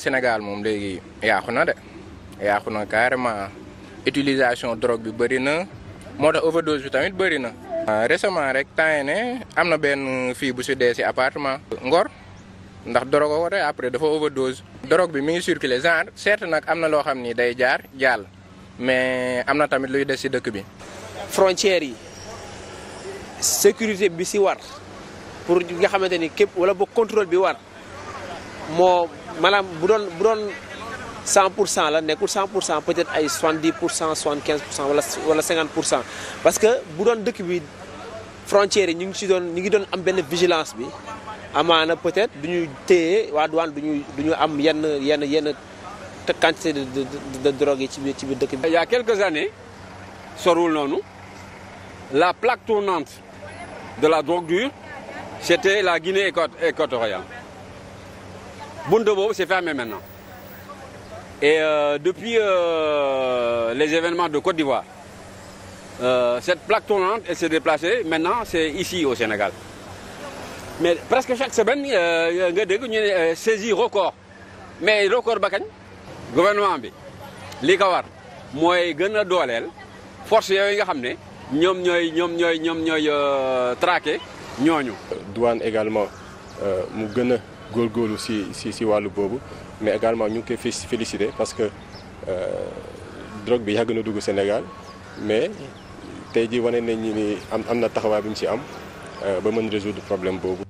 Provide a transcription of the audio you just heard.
Sénégal moom léegi yaaxu na de yaaxu na carrément utilisation drogue bi bëri na moo tax overdose bi tamit bëri na. Euh, récemment rek temps ne am na benn fii bu si dee si appartement. Ngor ndax drogue ko de après dafa overdose. drogue bi mi ngi circuler genre certes nag am na loo xam ni day jaar jàll mais am na tamit luy des si dëkk bi. frontières yi sécurité bi si war pour nga xamante ni képp wala ba contrôle bi war. moo maanaam bu doon bu doon 100 pour cent la nekkul 100 pour cent peut-être ay 70 pour cent 75 pour cent wala wala 50 pour cent parce que bu doon dëkk bi frontières yi ñu ngi ci doon ñu ngi doon am benn vigilance bi amaana peut-être du ñu té waa douane du ñu du ñu am yenn yenn yenn quantité de de de drogue yi ci biir ci biir dëkk bi. il y a quelques années sorul noonu la plaque tournante de la drogue dure c'était la Guinée équatoriale. buntu boobu c'est fermé maintenant et euh, depuis euh, les événements de Côte d'Ivoire euh, cette plaque tournante elle s'est déplacée maintenant c'est ici au Sénégal mais presque chaque semaine euh, nga dégg ñu ne euh, saisi record mais record ba kañ gouvernement bi li ko mooy gën a dooleel force yooyu nga xam ne ñoom ñooy ñoom ñooy ñoom ñooy euh, traqué ñooñu douane également Euh, mu gën a góorlu si si si wàllu boobu mais également ñu ngi koy félicité parce que euh, drogue bi yàgg na dugg Sénégal mais tey jii wane nañ ni am am na taxawaay bi mu si am euh, ba mën résoudre problème boobu.